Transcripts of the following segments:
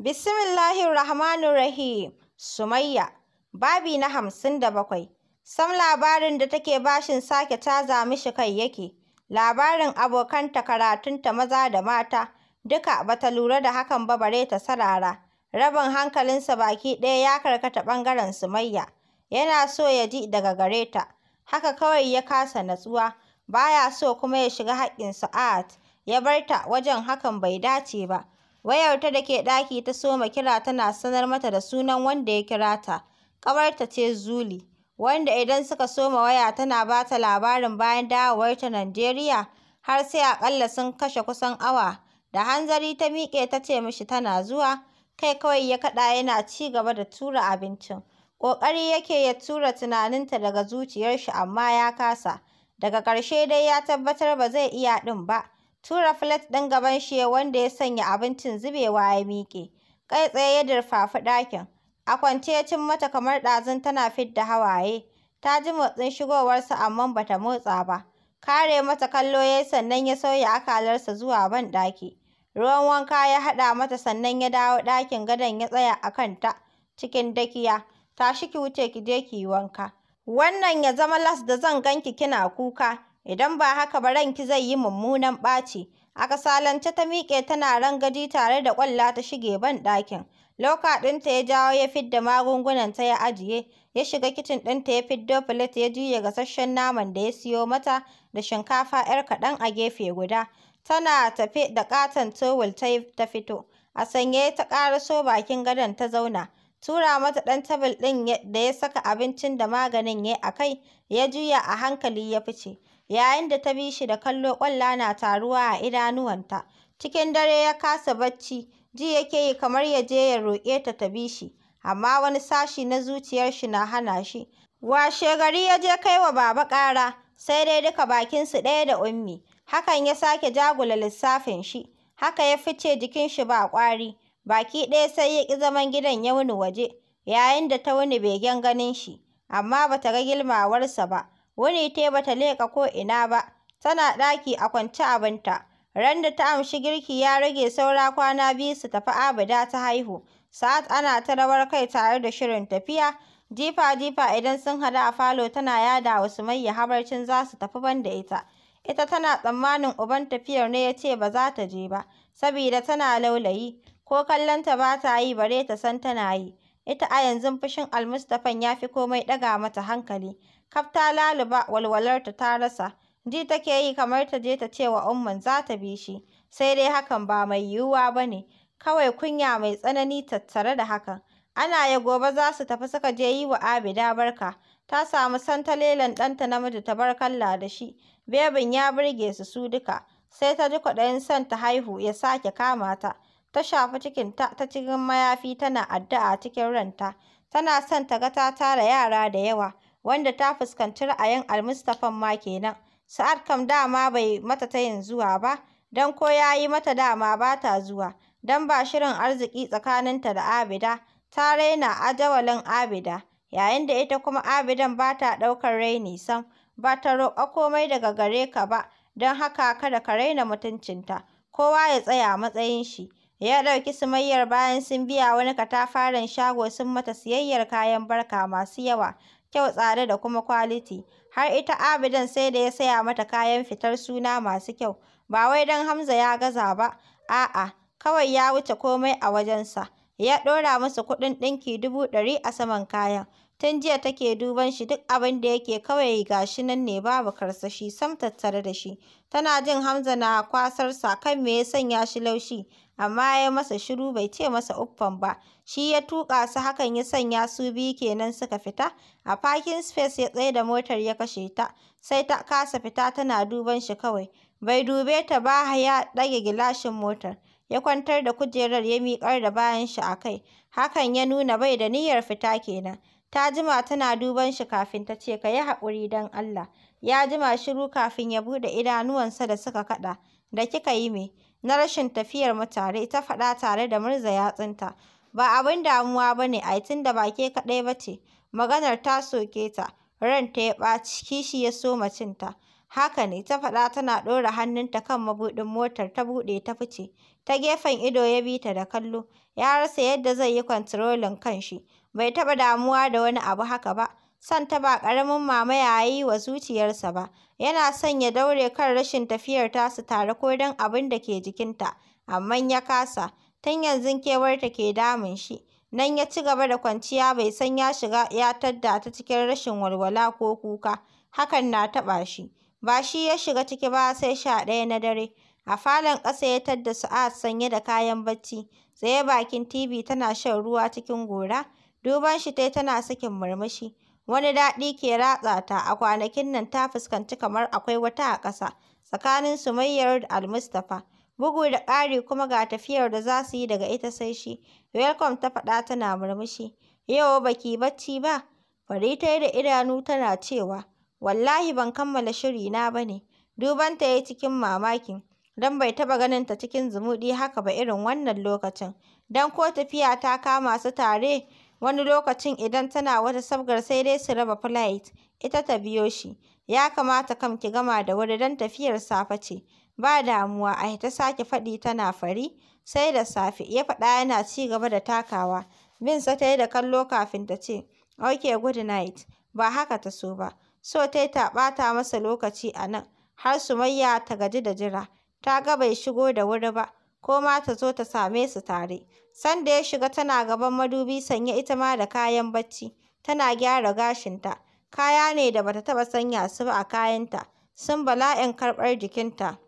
Bismillahirrahmanirrahim. Sumayya, babi na hamsin da bakwai. Sam labarin da take bashin sake ta caza shi kai yake. Labarin abokanta karatunta maza da mata, duka bata lura da hakan ba bare ta sarara. Rabin hankalinsa baki ɗaya ya karkata ɓangaren Sumayya. Yana so ya ji daga gare ta. Haka kawai ya kasa natsuwa. Baya so kuma ya shiga haƙƙin Sa'ad. Ya barta wajen hakan bai dace ba. Wayarta da ke ɗaki ta soma kira tana sanar mata da sunan wanda ya kira ta. Ƙawarta ce Zuli, wanda idan suka soma waya tana ba ta labarin bayan ta Najeriya har sai aƙalla sun kashe kusan awa. Da hanzari ta miƙe ta ce mishi tana zuwa, kai kawai ya kaɗa yana ci gaba da tura abincin. Ƙoƙari yake ya tura tunaninta daga zuciyar shi amma ya kasa. Daga ƙarshe dai ya tabbatar ba zai iya ɗin ba. tura filet ɗin gaban shi wanda ya sanya abincin zubewa ya miƙe. Kai tsaye ya dirfafi ɗakin. A kwance ya cin mata kamar ɗazun tana fidda hawaye. Ta ji motsin shigowarsa amma bata motsa ba. Kare mata kallo ya sannan ya sauya akalarsa zuwa banɗaki. Ruwan wanka ya haɗa mata sannan ya dawo ɗakin gadon ya tsaya a kanta cikin dakiya. Tashi ki wuce ki je ki yi wanka. Wannan ya zama las da zan ganki kina kuka. idan ba haka ba ranki zai yi mummunan ɓaci. A kasalance ta miƙe tana rangadi tare da ƙwalla ta shige banɗakin. Loka ɗinta ya jawo ya fidda ta ya ajiye, ya shiga kicin ɗinta ya fiddo filet ya juya gasasshen naman da ya siyo mata da shinkafa 'yar kaɗan a gefe guda. Tana tafe da ƙaton towel ta fito. A sanye ta ƙaraso bakin gadon ta zauna. Tura mata ɗan tabul ɗin da ya saka abincin da maganin ya a kai, ya juya a hankali ya fice. yayin da ta bi shi da kallo ƙwalla na taruwa a idanuwanta. Cikin dare ya kasa bacci, ji yake yi kamar ya je ya roƙe ta ta bi shi, amma wani sashi na zuciyar shi na hana shi. Washe gari ya je kai wa baba ƙara, sai dai duka bakinsu ɗaya da ummi. Hakan ya sake jagula lissafin shi, haka ya fice jikin shi ba ƙwari. Baki ɗaya sai ya ƙi zaman gidan ya wuni waje, yayin da ta wuni begen ganin shi, amma bata ga gilmawarsa ba. Wuni tai ba ta leƙa ina ba, tana ɗaki a kwance abinta. Ran da ta amshi girki ya rage saura kwana biyu su tafi Abida ta haihu. Sa'ad ana ta rawar kai tare da shirin tafiya. Jifa-jifa idan sun haɗu a falo tana yada wa Sumayya habarcin za su tafi ban da ita. Ita tana tsammanin uban tafiyar ne ya ce ba za ta je ba, saboda tana laulayi. Ko kallonta ba ta yi bare ta san tana yi. Ita a yanzu fushin Almustafan ya fi komai ɗaga mata hankali. kaf laluba walwalarta ta rasa ji take yi kamar ta je ta ce wa umman za ta bi shi sai dai hakan ba mai yiwuwa ba ne kawai kunya mai tsanani tattare da hakan ana ya gobe za su tafi suka je yi wa abida barka ta samu santalelan ɗanta namiji ta bar kalla da shi bebin ya burge su su duka sai ta ji kwaɗayin son ta haihu ya sake kama ta ta shafi ta ta cikin mayafi tana addu'a cikin ranta tana son ta ga ta tara yara da yawa wanda ta fuskanci ra'ayin almustafan ma kenan sa'ad kam dama bai mata ta yin zuwa ba Dan ko ya yi mata dama ba ta zuwa don ba shirin arziki tsakaninta da abida ta raina ajawalin abida yayin da ita kuma abidan ba ta ɗaukar raini sam ba ta roƙa komai daga gare ka ba don haka kada ka raina mutuncinta kowa ya tsaya matsayin shi ya ɗauki sumayyar bayan sun biya wani katafaren shago sun mata siyayyar kayan barka masu yawa kyau tsada da kuma kwaliti. Har ita Abidan sai da ya saya mata kayan fitar suna masu kyau, ba wai don Hamza ya gaza ba, a'a, kawai ya wuce komai a wajensa. Ya ɗora masa kuɗin ɗinki dubu ɗari a saman kayan. Tun jiya take duban shi duk abin da yake kawai ga shi nan ne babu karsashi sam tattare da shi. Tana jin Hamza na kwasarsa kan me ya sanya shi laushi. amma ya masa shiru bai ce masa uffam ba. Shi ya tuka su hakan ya sanya su biyu kenan suka fita. A parking space ya tsaye da motar ya kashe ta. Sai ta kasa fita tana duban shi kawai. Bai dube ta ba ya ɗage gilashin motar. Ya kwantar da kujerar ya miƙar da bayan shi a kai. Hakan ya nuna bai da niyyar fita kenan. Ta jima tana duban shi kafin ta ce ka yi haƙuri don Allah. Ya jima shiru kafin ya buɗe idanuwansa da suka kaɗa. Da kika yi me? na rashin tafiyar mu tare, ta faɗa tare da murza yatsunta. Ba abin damuwa ba ne ai tunda ba ke kaɗai ba ce. Maganar ta soke ta, ran ta ya ɓaci, kishi ya soma cinta. Haka ne, ta faɗa tana ɗora hannunta kan mabuɗin motar ta buɗe ta fice. Ta gefen ido ya bi ta da kallo, ya rasa yadda zai yi kwantirolin kanshi. Bai taɓa damuwa da wani abu haka ba, Santa ba ƙaramin mamaya ya yi wa zuciyarsa ba, yana son ya daure kan rashin tafiyar su tare ko don abin da ke jikinta, amma ya kasa, tun yanzu kewarta ke damun shi. Nan ya ci gaba da kwanciya bai san ya shiga ya tadda ta cikin rashin walwala ko kuka, hakan na taɓa shi. Ba shi ya shiga ciki ba sai sha ɗaya na dare. A falon ƙasa ya tadda a sanye da kayan bacci, tsaye bakin TV tana shan ruwa cikin gora. Duban shi tai tana sakin murmushi. Wani daɗi ke ratsa ta, a kwanakin nan ta fuskanci kamar akwai wata a ƙasa tsakanin Sumayyar da Almustapha. Bugu da ƙari kuma ga tafiyar da za su yi daga ita sai shi. Welcome ta faɗa tana murmushi. Yau baki bacci ba? Fari ta yi da idanu tana cewa, wallahi ban kammala shirina ba ne. Duban ta yi cikin mamakin, don bai taɓa ganin ta cikin zumuɗi haka ba irin wannan lokacin. Don ko tafiya ta kama su tare, Wani lokacin idan tana wata sabgar sai dai su raba flight ita ta biyo shi. Ya kamata kam ki gama da wuri don tafiyar safe ce. Ba damuwa a ta sake faɗi tana fari. Sai da safe, ya faɗa yana ci gaba da takawa. Binsa ta yi da kallo kafin ta ce, OK, good night. Ba haka ta so ba. So ta ta ɓata masa lokaci a nan, har su mayya ta gaji da jira. Ta ga bai shigo da wuri ba. ko ma ta zo ta same su tare. Sanda ya shiga tana gaban madubi sanye ita ma da kayan bacci, tana gyara gashinta. Kaya ne da bata taɓa sanya su ba a kayanta, sun bala'in karɓar jikinta.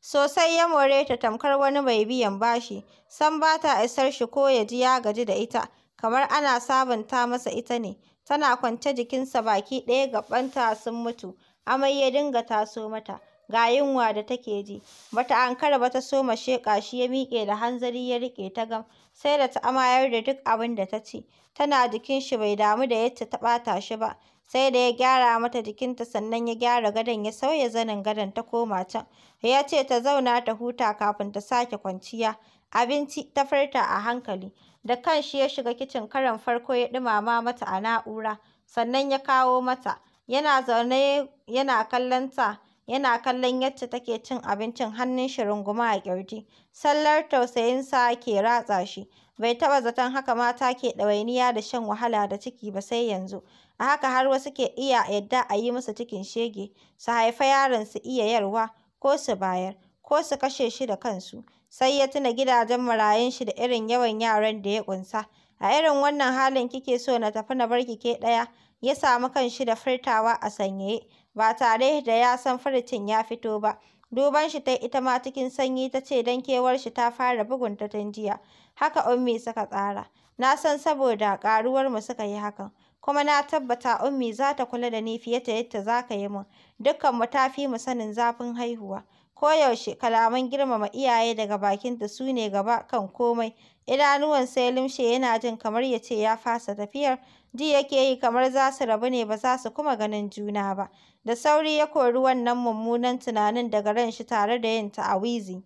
Sosai ya more ta tamkar wani mai biyan bashi, san ba ta isar shi ko ya ji ya gaji da ita, kamar ana sabunta masa ita ne. Tana kwance jikinsa baki ɗaya gaɓanta sun mutu, amai ya dinga taso mata. ga yunwa da take ji. Ba ta ankara ba ta soma sheƙa shi ya miƙe da hanzari ya riƙe ta gam, sai da ta amayar da duk abin da ta ci. Tana jikin shi bai damu da yadda ta ɓata shi ba, sai da ya gyara mata jikinta sannan ya gyara gadon ya sauya zanin gadon ta koma can. Ya ce ta zauna ta huta kafin ta sake kwanciya. Abinci ta farta a hankali. Da kanshi ya shiga kicin karon farko ya ɗumama mata a na'ura, sannan ya kawo mata. Yana zaune yana kallon ta. yana kallon yadda take cin abincin hannun shi runguma a ƙirji. Sallar tausayinsa ke ratsa shi. Bai taɓa zaton haka mata ke ɗawainiya da shan wahala da ciki ba sai yanzu. A haka har wasu ke iya yadda a yi musu cikin shege, su haifa yaron su iya yarwa, ko su bayar, ko su kashe shi da kansu. Sai ya tuna gidajen marayun shi da irin yawan yaran da ya ƙunsa. A irin wannan halin kike so na tafi na bar ki ke ɗaya, ya samu kanshi da furtawa a sanyaye. ba tare da ya san furucin ya fito ba. Duban shi ta ita ma cikin sanyi ta ce don kewar shi ta fara bugun ta jiya. Haka Ummi suka tsara. Na san saboda karuwar mu suka yi hakan. Kuma na tabbata Ummi za ta kula da ni fiye ta yadda za ka yi min. Dukkan mu ta fi mu sanin zafin haihuwa. Koyaushe kalaman girmama iyaye daga bakin bakinta su ne gaba kan komai. Idanuwan sai lumshe yana jin kamar ya ce ya fasa tafiyar. ji yake yi kamar za su rabu ne ba za su kuma ganin juna ba da sauri ya kori wannan mummunan tunanin daga ran shi tare da yin ta'awizi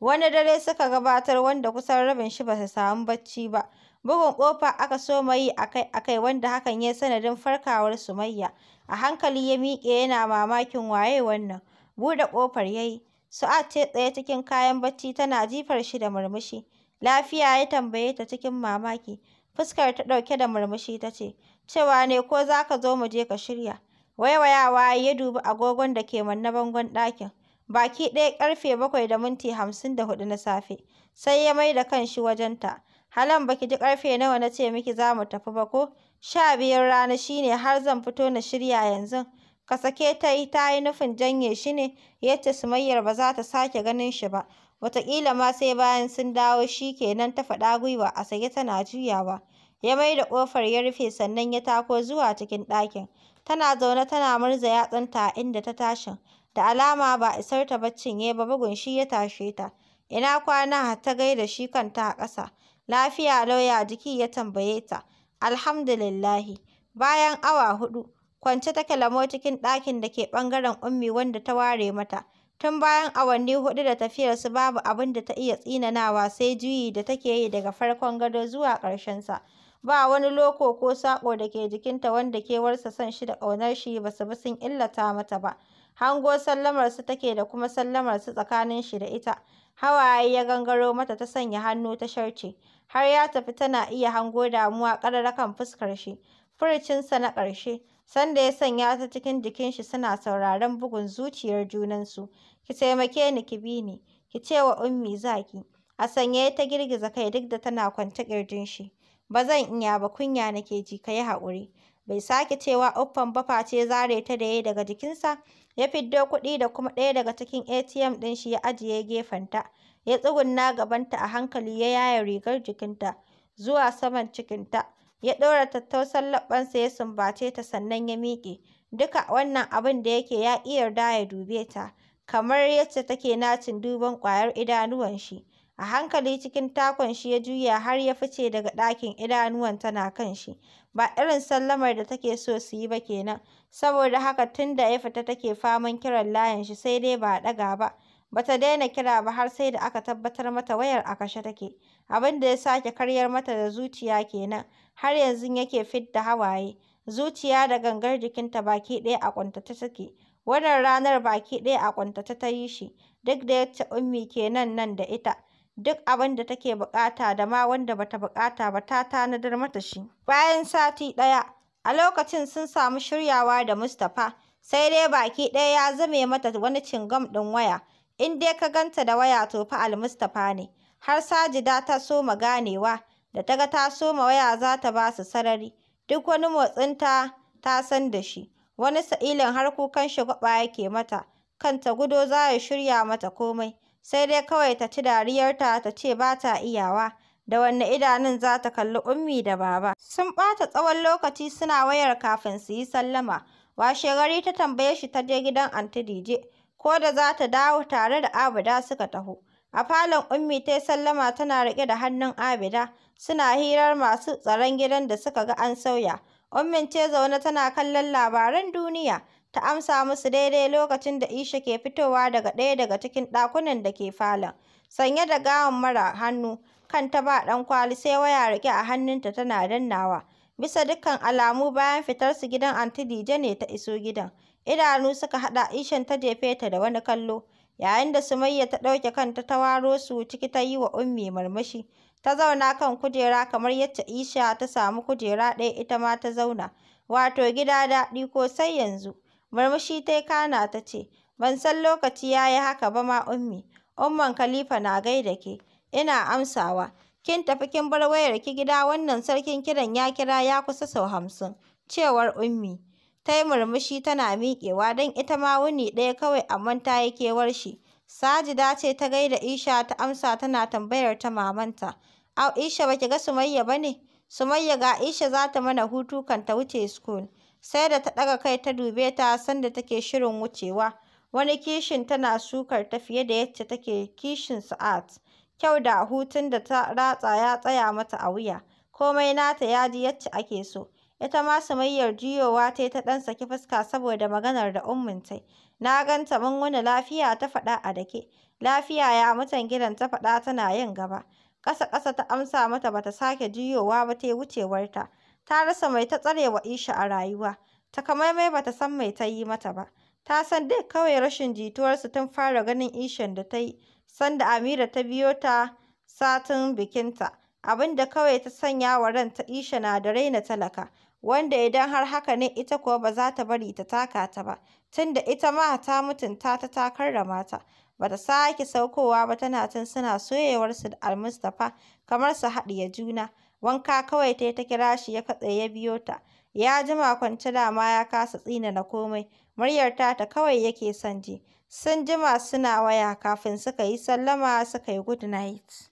wani dare suka gabatar wanda kusan rabin shi ba su samu bacci ba bugun ƙofa aka soma yi akai-akai wanda hakan ya sanadin farkawar su Sumayya a hankali ya miƙe yana mamakin waye wannan buɗe kofar yayi yi Su'ad ce tsaye cikin kayan bacci tana jifar shi da murmushi lafiya ya tambaye ta cikin mamaki fuskar ta ɗauke da murmushi ta ce, cewa ne ko za ka zo mu je ka shirya. Waiwayawa ya dubi agogon da ke manne bangon ɗakin, baki ɗaya ƙarfe bakwai da minti hamsin da hudu na safe, sai ya mai da kan kanshi wajenta. Halan baki ji ƙarfe nawa na ce miki za mu tafi ba ko? Sha biyar rana shine har zan fito na shirya yanzu. Ka sake ta yi nufin janye shi ne, yadda Sumayyar ba za ta sake ganin shi ba. wataƙila ma sai bayan sun dawo shi kenan ta faɗa gwiwa a sake tana juyawa. Ya mai da ƙofar ya rufe sannan ya tako zuwa cikin ɗakin. Tana zaune tana murza yatsunta a inda ta tashi Da alama ba isar ta baccin ya ba bugun shi ya tashe ta. Ina kwana ta gaida shi kanta a ƙasa. Lafiya lauya jiki ya tambaye ta. Alhamdulillahi. Bayan awa huɗu, kwance take lamo cikin ɗakin da ke ɓangaren Ummi wanda ta ware mata. Tun bayan awanni hudu da tafiyarsu babu abin da ta iya tsinanawa sai juyi da take yi daga farkon gado zuwa ƙarshensa. Ba wani loko ko saƙo da ke jikinta wanda kewarsa son shi da ƙaunar shi ba su bi sun illata mata ba. Hango sallamarsu take da kuma sallamarsu tsakanin shi da ita. Hawaye ya gangaro mata ta sanya hannu ta sharce. Har ya tafi tana iya hango damuwa ƙararrakan fuskar shi. Furucinsa na ƙarshe. sanda ya sanya ta cikin jikin shi suna sauraron bugun zuciyar junansu. Ki taimake ni ki bi ni, ki ce wa Ummi za ki. A sanye ta girgiza kai duk da tana kwanta ƙirjin shi. Ba zan iya ba kunya nake ji ka yi haƙuri. Bai sake cewa uffan bafa ce zare ta da ya daga jikinsa, ya fiddo kuɗi da kuma ɗaya daga cikin ATM ɗin shi ya ajiye gefenta. Ya tsugunna gabanta a hankali ya yaye rigar jikinta zuwa saman cikinta. ya ɗora tattausan laɓɓansa ya sumbace ta sannan ya miƙe. Duka wannan abin da yake ya iya yarda ya dube ta, kamar yadda take nacin duban ƙwayar idanuwan shi. A hankali cikin takon shi ya juya har ya fice daga ɗakin idanuwan tana kan shi. Ba irin sallamar da take so su yi ba kenan, saboda haka tun da ya fita take faman kiran layin shi sai dai ba ɗaga ba. Bata daina kira ba har sai da aka tabbatar mata wayar a kashe take. Abin da ya sake karyar mata da zuciya kenan. har yanzu yake fidda hawaye, zuciya da gangar jikinta baki ɗaya a ƙuntatace take. Wannan ranar baki ɗaya a ƙuntatace ta yi shi, duk da yacce Ummi ke nan nan da ita. Duk abin da take buƙata da ma wanda bata buƙata ba ta tanadar mata shi. Bayan sati ɗaya, a lokacin sun samu shiryawa da Mustapha, sai dai baki ɗaya ya zame mata wani cingam ɗin waya. In dai ka ganta da waya to fa Almustapha mustapha ne. Har Sajida ta so soma ganewa. da ta ga ta soma waya za ta ba su sarari duk wani motsinta ta san da shi wani sa'ilin har kukan shagwaɓa yake mata kanta gudo za ya shirya mata komai sai dai kawai ta ci dariyarta ta ce ba ta iyawa da wanne idanun za ta kalli ummi da baba sun ɓata tsawon lokaci suna wayar kafin su yi sallama washe gari ta tambaye shi ta je gidan anti dije ko da za ta dawo tare da abida suka taho a falon ummi ta yi sallama tana riƙe da hannun abida suna hirar masu tsaron gidan da suka ga an sauya. Ummin ce zaune tana kallon labaran duniya. Ta amsa musu daidai lokacin da Isha ke fitowa daga ɗaya daga cikin ɗakunan da ke falon. Sanye da gawan mara hannu, kanta ba ɗan kwali sai waya rike a hannunta tana dannawa. Bisa dukkan alamu bayan fitar su gidan Anti Dije ne ta iso gidan. Idanu suka haɗa Ishan ta jefe ta da wani kallo. Yayin da Sumayya ta ɗauke kanta ta waro su ciki ta yi wa Ummi murmushi. ta zauna kan kujera kamar yadda Isha ta samu kujera ɗaya ita ma ta zauna. Wato gida daɗi ko sai yanzu. Murmushi ta kana ta ce, ban san lokaci ya yi haka ba ma ummi. Umman Khalifa na gaida ke. Ina amsawa. Kin tafi kin bar wayarki gida wannan sarkin kiran ya kira ya kusa sau hamsin. Cewar ummi. Ta yi murmushi tana miƙewa don ita ma wuni ɗaya kawai amma ta yi kewar shi. Sajida ce ta gaida Isha ta amsa tana tambayar ta mamanta, "Au Isha ba ki ga Sumayya ba ne? Sumayya ga Isha za ta mana hutu kan ta wuce school." Sai da ta ɗaga kai ta dube ta sanda take shirin wucewa. Wani kishin tana sukar ta fiye da yadda take kishin sa'at. Kyau da hutun da ta ratsa ya tsaya mata a wuya. Komai nata ya ji yadda ake so. Ita ma Sumayyar juyowa ta yi ta ɗan saki fuska saboda maganar da ummin ta Na ganta mun wani lafiya ta faɗa a dake. Lafiya ya mutan gidan ta faɗa tana yin gaba. Ƙasa-ƙasa ta amsa mata bata sake juyowa ba ta wucewarta. Ta rasa mai ta tsarewa Isha a rayuwa. Takamaimai bata san mai ta yi mata ba. Ta san dai kawai rashin jituwarsu tun fara ganin Ishan da ta yi sanda Amira ta biyo ta satin bikinta. abinda kawai ta sanya wa ranta Isha na da raina talaka. wanda idan har haka ne ita kuwa ba za ta bari ta taka ta ba, tunda ita ma ta mutunta ta ta da mata Ba ta sake saukowa ba tana tun suna su da Almustapha kamar su haɗiye juna. Wanka kawai tai ta kira shi ya katse ya biyo ta. Ya jima kwance dama ya kasa tsinana komai, muryar ta kawai yake son ji. Sun jima suna waya kafin suka yi sallama suka yi good night.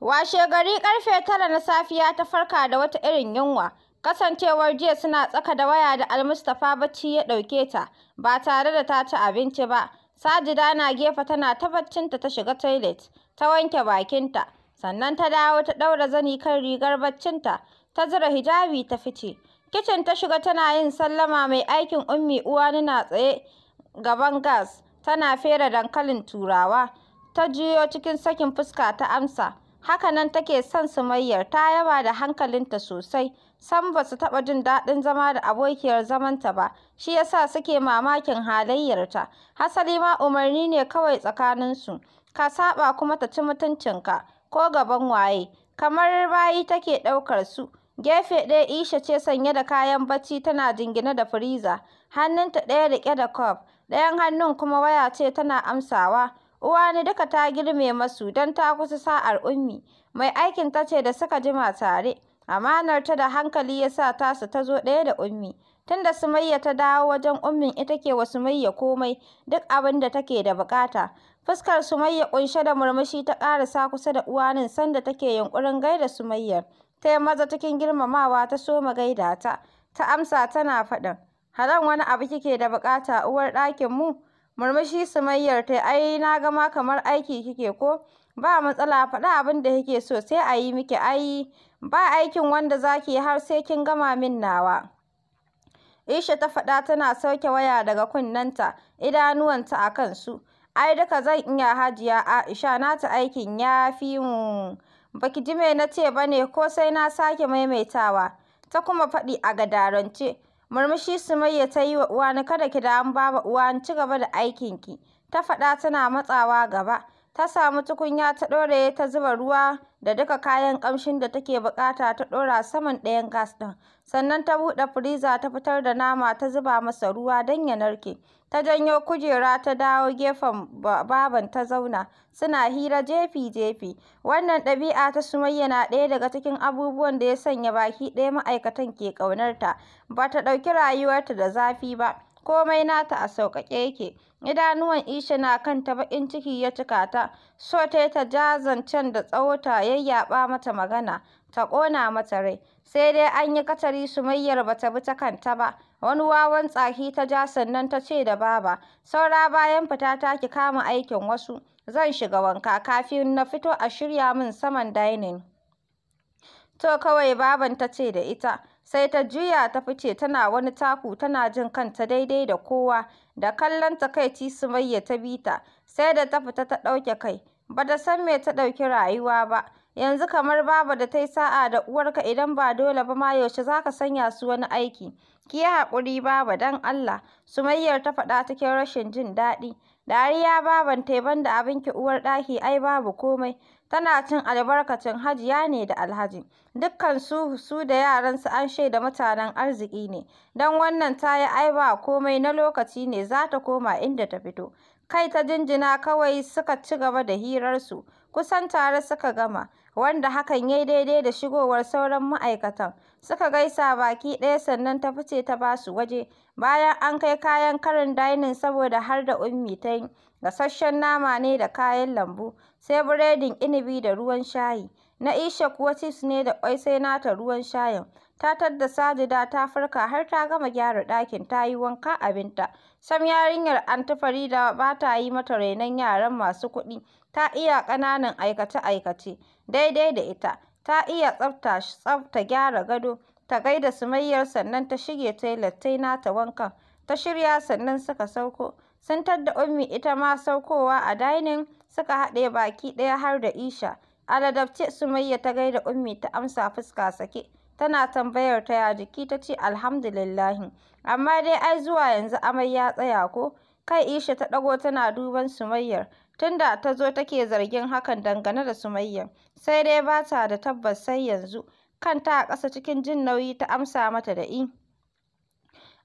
Washe gari karfe tara na safiya ta farka da wata irin yunwa. Kasancewar jiya suna tsaka da waya da Almustapha bacci ya ɗauke ta ba tare da ta ci abinci ba. Sajida na gefe tana ta baccinta ta shiga toilet ta wanke bakinta sannan ta dawo ta ɗaura zani kan rigar baccinta ta zura hijabi ta fice. Kicin ta shiga tana yin sallama mai aikin ummi uwa na tsaye gaban gas tana fere dankalin turawa ta juyo cikin sakin fuska ta amsa haka nan take son su sumayyar ta yaba da hankalinta sosai sam ba su taɓa jin daɗin zama da abokiyar zamanta ba, shi yasa suke mamakin halayyarta. Hasali ma umarni ne kawai tsakaninsu, ka saɓa kuma ta ci mutuncinka, ko gaban waye, kamar bayi take ɗaukar su. Gefe ɗaya Isha ce sanye da kayan bacci tana jingine da firiza, hannunta ɗaya riƙe da kwaf, ɗayan hannun kuma waya ce tana amsawa. Uwani duka ta girme masu don ta kusa sa'ar ummi, mai aikin ta ce da suka jima tare. Amanar ta da hankali ya sa tasu ta zo ɗaya da Ummi. Tunda Sumayya ta dawo wajen Ummin ita ke wa Sumayya komai, duk abin da take da bukata Fuskar Sumayya ƙunshe da murmushi ta ƙarasa kusa da uwanin sanda take yunkurin gaida Sumayyar. Ta yi maza cikin girmamawa ta soma gaida ta. Ta amsa tana faɗin, Halan wani abu kike da bukata uwar ɗakin mu? Murmushi Sumayyar ta ai na gama kamar aiki kike ko? Ba matsala faɗi abin da kike so sai a yi miki ai. Ba aikin wanda za ki yi har sai kin gama min nawa. Isha ta faɗa tana sauke waya daga kunnenta, idanuwanta a kansu. Ai duka zan iya hajiya Aisha nata aikin ya fi mu. Baki ji me na ce ba ne ko sai na sake maimaitawa. Ta kuma faɗi a gadarance. Murmushi Sumayya ta yi wa uwani kada ki da an baba uwani ci gaba da aikinki. Ta faɗa tana matsawa gaba. ta samu tukunya ta ɗore ta zuba ruwa da duka kayan ƙamshin da take buƙata ta ɗora saman ɗayan gas ɗin. Sannan ta buɗe firiza ta fitar da nama ta zuba masa ruwa don ya narke. Ta janyo kujera ta dawo gefen baban ta zauna suna hira jefi-jefi. Wannan ɗabi'a ta Sumayya na ɗaya daga cikin abubuwan da ya sanya baki ɗaya ma'aikatan ke ƙaunarta. Ba ta ɗauki rayuwarta da zafi ba. komai nata a sauƙaƙe yake idanuwan isha na kan kanta baƙin ciki ya cika ta so ta ta ja zancen da tsawo ta yayyaɓa mata magana ta ƙona mata rai sai dai an yi katari sumayyar ba ta bi ta kanta ba wani wawan tsaki ta ja sannan ta ce da baba saura bayan fita ta ki kama aikin wasu zan shiga wanka kafin na fito a shirya min saman dining to kawai baban ta ce da ita sai ta juya ta fice tana wani taku tana jin kanta daidai da kowa da kallon takaici Sumayya ta bi ta sai da ta fita ta ɗauke kai ba ta san me ta ɗauki rayuwa ba yanzu kamar babu da ta yi sa'a da uwarka idan ba dole ba ma yaushe za ka sanya su wani aiki ki yi haƙuri baba Dan Allah Sumayyar ta faɗa cikin rashin jin daɗi dariya baban tai banda abinki uwar ɗaki ai babu komai tana cin albarkacin Hajiya ne da Alhaji. Dukkansu su da yaransu an shaida mutanen arziki ne, don wannan ta yi ai komai na lokaci ne za ta koma inda ta fito. Kai ta jinjina kawai suka ci gaba da hirarsu. kusan tare suka gama wanda hakan yayi daidai da shigowar sauran ma'aikatan suka gaisa baki ɗaya sannan ta fice ta ba su waje bayan an kai kayan karin dainin saboda har da ummi ta yi gasasshen nama ne da kayan lambu sai biredin inibi da ruwan shayi na isha kuwa chips ne da kwai sai nata ruwan shayin ta tadda sajida ta farka har ta gama gyara ɗakin ta yi wanka abinta sam yarinyar anti farida ba ta yi mata rainon yaran masu kuɗi ta iya ƙananan aikace-aikace daidai da ita, ta iya tsafta tsaf ta gyara gado, ta gaida Sumayyar sannan ta shige toilet ta yi nata wankan, ta shirya sannan suka sauko. Sun tadda Ummi ita ma saukowa a dainin, suka haɗe baki ɗaya har da Isha. A ladabce Sumayya ta gaida Ummi ta amsa fuska sake. Tana tambayar ta ya jiki ta ce alhamdulillahi. Amma dai ai zuwa yanzu amai ya tsaya ko? Kai Isha ta ɗago tana duban Sumayyar. Tun da ta zo take zargin hakan dangane da Sumayya, sai dai ba ta da tabbas sai yanzu. Kanta a ƙasa cikin jin nauyi ta amsa mata da i.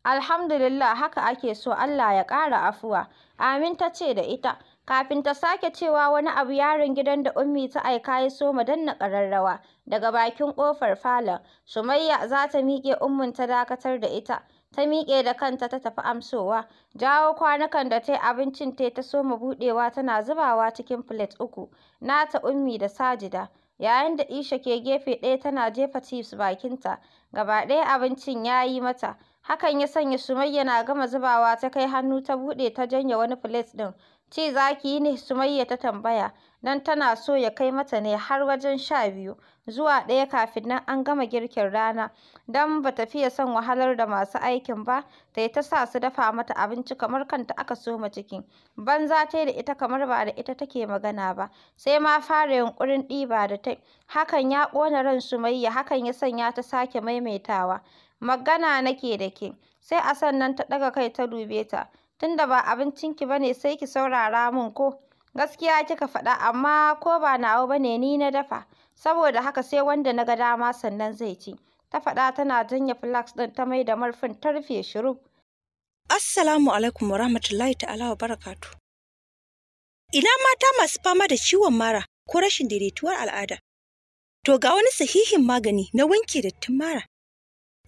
Alhamdulillah haka ake so Allah ya ƙara afuwa. Amin ta ce da ita. Kafin ta sake cewa wani abu yaron gidan da Ummi ta aika ya so danna ƙararrawa daga bakin ƙofar falon. Sumayya za ta miƙe Ummin ta dakatar da ita. ta miƙe da kanta ta tafi amsowa. Jawo kwanukan da ta yi abincin ta ta soma buɗewa tana zubawa cikin filet uku, nata Ummi da Sajida. Yayin da Isha ke gefe ɗaya tana jefa chips bakinta, gaba ɗaya abincin ya yi mata. Hakan ya sanya Sumayya na gama zubawa ta kai hannu ta buɗe ta janye wani filet ɗin. Ci za ki yi ne? Sumayya ta tambaya, don tana so ya kai mata ne har wajen sha biyu zuwa ɗaya kafin nan an gama girkin rana, don ba ta fiye son wahalar da masu aikin ba, ta yi ta sa su dafa mata abinci kamar kanta aka soma ciki. Banza ta da ita kamar ba da ita take magana ba, sai ma fara yunƙurin ɗiba da ta Hakan ya ƙona ran Sumayya, hakan ya sanya ta sake maimaitawa. Magana nake da ke, sai a sannan ta ɗaga kai ta dube ta. tunda ba abincinki bane sai ki saurara min ko gaskiya kika faɗa amma ko ba nawa bane ni na dafa saboda haka sai wanda na ga dama sannan zai ci ta faɗa tana janye flax ɗin ta mai da marfin ta rufe shiru assalamu alaikum wa rahmatullahi ta'ala wa barakatu ina mata masu fama da ciwon mara ko rashin daidaituwar al'ada to ga wani sahihin magani na wanke dattin mara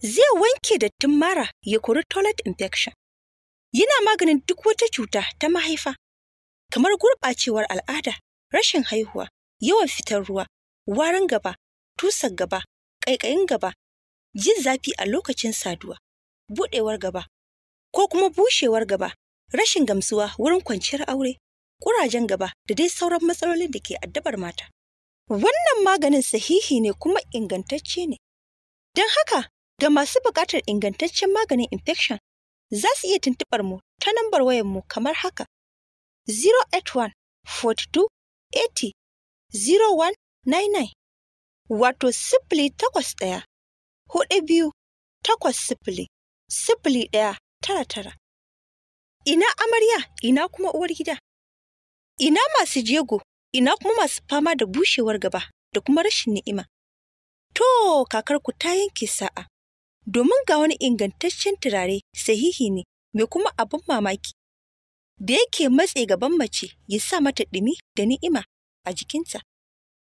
zai wanke dattin mara ya kuri toilet infection Yana maganin duk wata cuta ta mahaifa, kamar gurɓacewar al'ada, rashin haihuwa, yawan fitar ruwa, warin gaba, tusan gaba, ƙaiƙayin gaba, jin zafi a lokacin saduwa, buɗewar gaba, ko kuma bushewar gaba, rashin gamsuwa wurin kwanciyar aure, ƙurajen gaba da dai sauran matsalolin da ke addabar mata. Wannan maganin sahihi ne kuma ingantacce ne. Don haka, ga masu buƙatar ingantaccen maganin infection, za su iya tuntuɓar mu ta nambar wayar mu kamar haka 081 42 80 0199 wato sifili takwas ɗaya hudu biyu takwas sifili sifili ɗaya tara tara. Ina amarya ina kuma uwar gida. Ina masu jego ina kuma masu fama da bushewar gaba da kuma rashin ni'ima. To kakarku ta yanke sa'a. domin ga wani ingantaccen turare sahihi ne mai kuma abin mamaki da yake matse gaban mace ya sa mata ɗumi da ni'ima a jikinta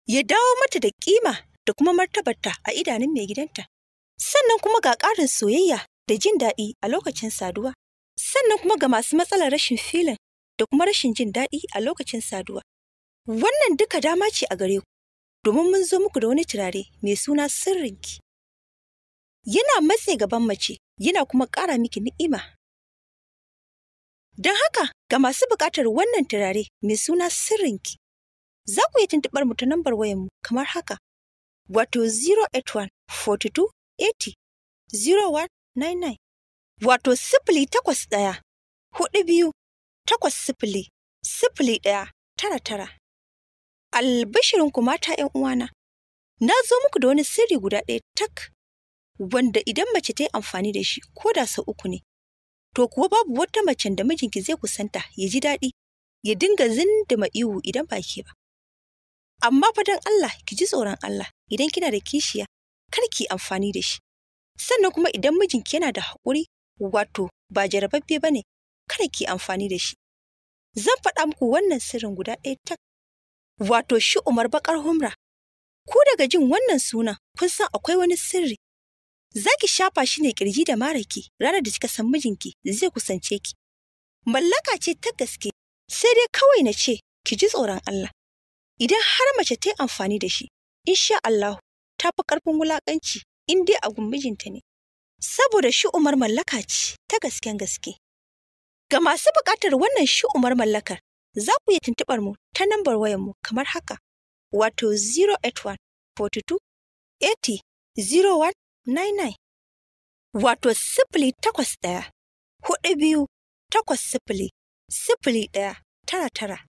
ya dawo mata da ƙima da kuma martabarta a idanun mai gidanta sannan kuma ga ƙarin soyayya da jin daɗi a lokacin saduwa sannan kuma ga masu matsalar rashin filin da kuma rashin jin daɗi a lokacin saduwa wannan duka dama ce a gare ku domin mun zo muku da wani turare mai suna sirrinki yana matse gaban mace yana kuma ƙara miki ni'ima. Don haka ga masu buƙatar wannan turare mai suna sirrinki, za ku yi tuntuɓar mu ta nambar wayanmu kamar haka, wato 081 42 0199 wato sifili takwas ɗaya, huɗu biyu, takwas sifili, sifili ɗaya, tara tara. Albishirinku mata ‘yan uwana, na zo muku da wani sirri guda ɗaya tak wanda idan mace ta yi amfani da shi ko da sau uku ne to kuwa babu wata mace da mijinki zai kusanta ya ji daɗi ya dinga zindima ihu idan ba ke ba amma fadan Allah ki ji tsoron Allah idan kina da kishiya kar ki amfani da shi sannan kuma idan mijinki yana da haƙuri wato ba jarababbe ba ne kar ki amfani da shi zan faɗa muku wannan sirrin guda ɗaya tak wato shi umar bakar humra ku daga jin wannan sunan kun san akwai wani sirri za ki shafa shi ne kirji da maraki ranar da kika san mijinki zai kusance ki. Mallaka ce ta gaske, sai dai kawai na ce ki ji tsoron Allah. Idan har mace ta yi amfani da shi, insha Allah ta fi ƙarfin wulaƙanci in dai a gun mijinta ne. Saboda shi umar mallaka ce ta gasken gaske. Ga masu buƙatar wannan shi umar mallakar, za ku iya tuntuɓar mu ta nambar wayarmu kamar haka, wato 081 42 80 01 99 wato sifili takwas ɗaya hudu biyu takwas sifili sifili ɗaya tara tara.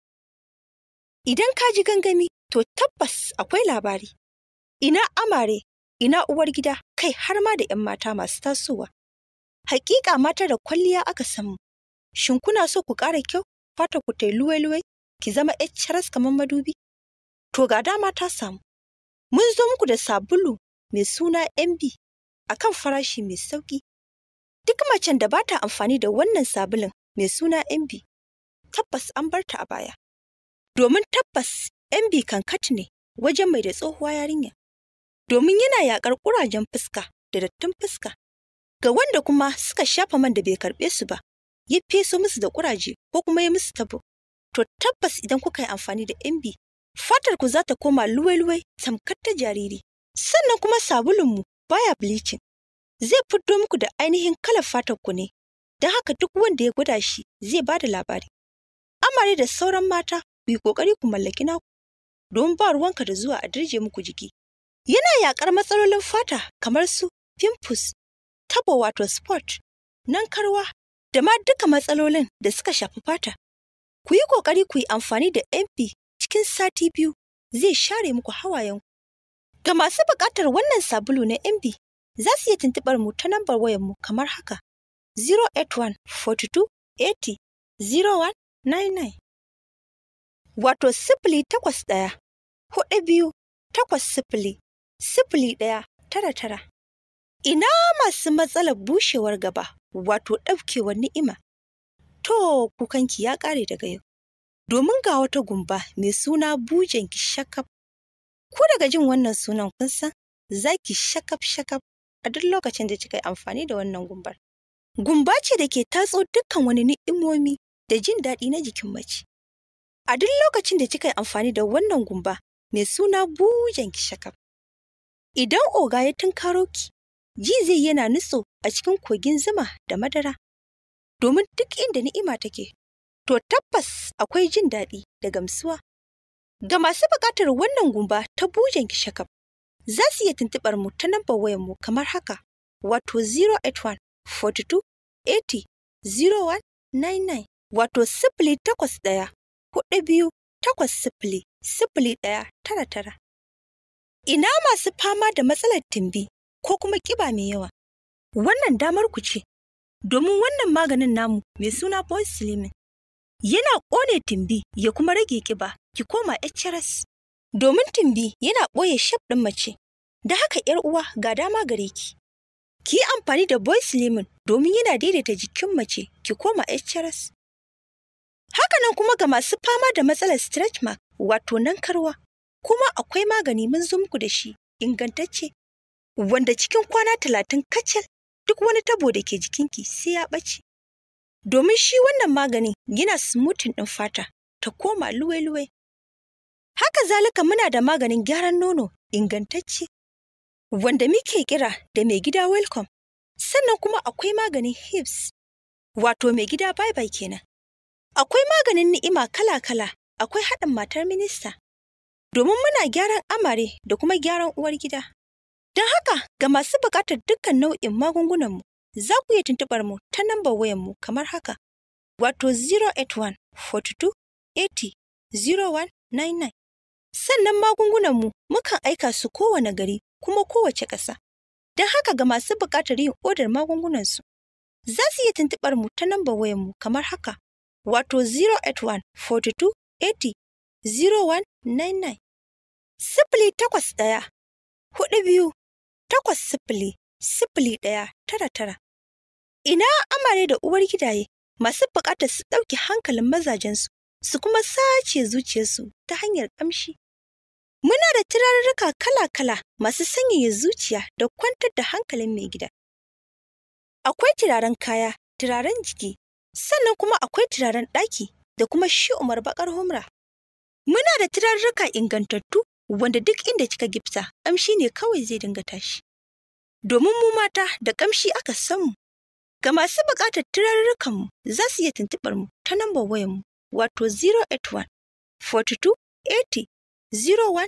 Idan ka ji gangami to tabbas akwai labari. Ina amare, ina uwar gida kai har ma da ‘yan mata masu tasowa. Hakika mata da kwalliya aka samu. Shin kuna so ku ƙara kyau, fata ku ta luwai-luwai, ki zama ‘yar caras kamar madubi? To ga dama ta samu. Mun zo muku da sabulu mai suna MB a kan farashi mai sauƙi. Duk macen da ba ta amfani da wannan sabulin mai suna MB, tabbas an bar ta a baya. Domin tabbas MB kat ne wajen mai da tsohuwa yarinya. Domin yana yaƙar ƙurajen fuska da dattin fuska. Ga wanda kuma suka shafa man da bai karɓe su ba, ya feso musu da ƙuraje ko kuma ya musu tabo. To tabbas idan kuka yi amfani da MB, fatar ku za ta koma luwai-luwai tamkar ta jariri. sannan kuma sabulunmu baya bleaching zai fito muku da ainihin kalar fatar ku ne don haka duk wanda ya gwada shi zai ba da labari amare da sauran mata ku yi kokari ku mallaki naku domin ba ruwanka da zuwa a dirje muku jiki yana yaƙar matsalolin fata kamar su pimples tabo wato spot nankarwa da ma duka matsalolin da suka shafi fata ku yi kokari ku yi amfani da mp cikin sati biyu zai share muku hawayenku. Ga masu buƙatar wannan sabulu na MB za su iya tuntuɓar mu ta nambar wayarmu kamar haka 081 42 80 0199 wato sifili takwas ɗaya hudu biyu takwas sifili sifili ɗaya tara tara. Ina masu matsalar bushewar gaba wato ɗaukewar ni'ima. To kukanki ya ƙare daga yau. Domin ga wata gumba mai suna bujen ki shakaf Ku daga jin wannan sunan kun san ki shakaf shakaf a duk lokacin da kika yi amfani da wannan gumbar. Gumba ce da ke tatso dukkan wani ni'imomi da jin daɗi na jikin mace. A duk lokacin da kika yi amfani da wannan gumba mai suna bujen ki shakaf. Idan oga ya tunkaro ki, ji zai yana nutso a cikin kogin zuma da madara. Domin duk inda ni'ima take, to tabbas akwai jin daɗi da gamsuwa Ga masu buƙatar wannan gumba ta bujen gishakaf, za su iya tuntuɓar mu ta nambar wayar mu kamar haka, wato 081 42 80 0199 wato 081 takwas ɗaya 01 biyu takwas sifili ɗaya tara tara. Ina masu fama da matsalar timbi ko kuma ƙiba mai yawa, wannan damar ku ce, domin wannan maganin namu mai suna Boyz Slimin yana ƙone timbi ya kuma rage ƙiba ki koma HRS. Domin tumbi yana ɓoye shaf ɗin mace, da haka ‘yar uwa ga dama gare ki. Ki yi amfani da boys lemon domin yana daidaita jikin mace ki koma HRS. Hakanan kuma ga masu fama da matsalar stretch mark wato nan karwa, kuma akwai magani mun zo muku da shi ingantacce, wanda cikin kwana talatin kacal duk wani tabo da ke jikinki sai ya ɓace. Domin shi wannan magani yana smoothing ɗin fata ta koma luwe-luwe Haka zalika muna da maganin gyaran nono ingantacce wanda muke kira da mai gida welcome. Sannan kuma akwai maganin hips wato mai gida bye bye kenan. Akwai maganin ni'ima kala-kala akwai haɗin matar minista domin muna gyaran amare da kuma gyaran uwar gida. Don haka ga masu buƙatar dukkan nau'in magungunanmu za ku iya tuntuɓar mu ta nambar wayanmu kamar haka wato 081 42 80 0199. Sannan magungunanmu mukan aika su kowane gari kuma kowace ƙasa. Don haka ga masu buƙatar yin odar magungunansu, za su iya tuntuɓar mu ta nambar wayarmu kamar haka, wato 081 42 0199. Sifili takwas ɗaya, huɗu biyu, takwas sifili, sifili ɗaya, tara tara. Ina amare da uwar gidaye masu buƙatar su ɗauki hankalin mazajensu su kuma sace zuciyarsu ta hanyar ƙamshi. Muna da turarruka kala-kala masu sanyaya zuciya da kwantar da hankalin mai gida. Akwai turaren kaya, turaren jiki, sannan kuma akwai turaren ɗaki da kuma shi umar bakar humra. Muna da turarruka ingantattu wanda duk inda kika gipsa ƙamshi ne kawai zai dinga tashi. Domin mu mata da ƙamshi aka samu. Ga masu buƙatar turarurrukanmu za su iya tuntuɓar mu ta nambar wayanmu, wato 081 42 80 0199